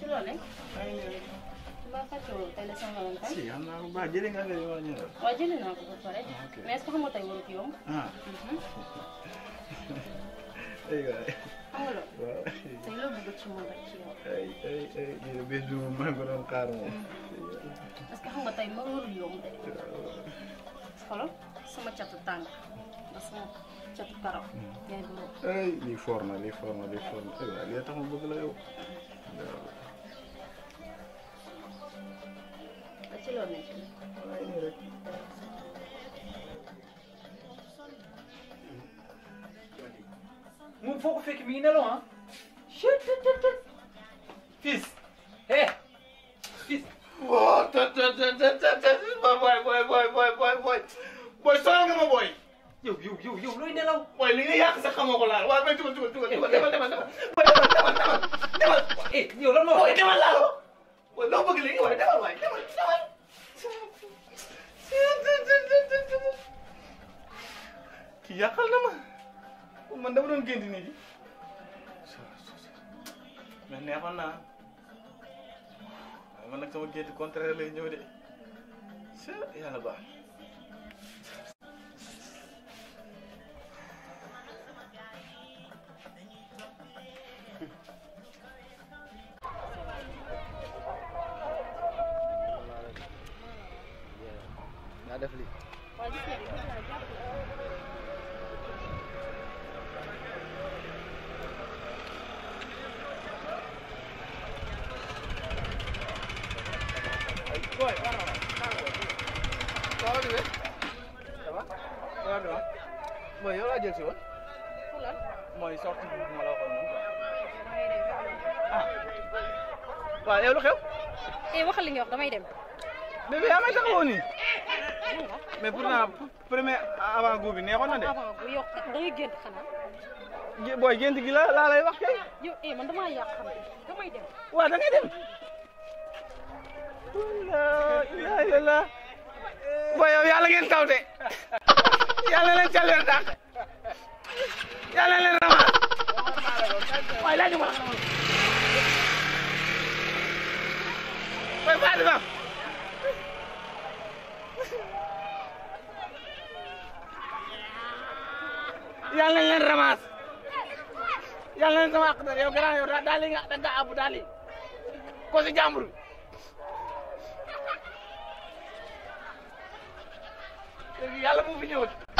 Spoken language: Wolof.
شو لونك؟ Si, ang bajiling ang gagawa niya. Bajiling na ako pa rin. May asko mo tayo work yung? Ah. Ay, ay. Ano? Sa ilo, bugot siya mga kiyo. Ay, ay, ay. Dito, medyo magod ang karo mo. Asko mo tayo work yung. Skolo? Sama catutang. Basta catut karo. Ay, li forma, li forma, li forma. Ay, lihat ako bagla yun. ci loo nekk fekk mi ngi nelaw ah fils eh fils waaw te te te te te boy boy boy boy boy boy boy boy sonal nga ma boy yow yow yow yow looy nelaw boy li nga yàq sax xamoo ko laal waaw bay tugal tugal tugal tugal demal demal demal eh yow lan moo. waaye demal laa ko waaye loo bëgg léegi waaye demal waaye demal demal. kii yàqal na ma man dama doon génn nii. mais neexoon naa waaye man nag sama gént contraire lay ñëw de. yàlla baax đây phải Rồi, ra rồi, ra rồi. đi. Đó. Đó Mày Mày lúc không? Yêu lúc linh hiệu mày đem. bébé yaa may taxawoo nii mais pourtant premier avant goût bi neexoon na de. booy gént gi la laa lay wax kay. yow eh man damaa booy yow yàlla ngeen taw de. yàlla leen calleer dàq. yàlla leen rama. waaye laaj ma. booy Fatima. yàlla nañ leen ramas yàlla nañ sama àq yow grand yow daal li nga dagga abu daal li ko si jàmbur yàlla bu fi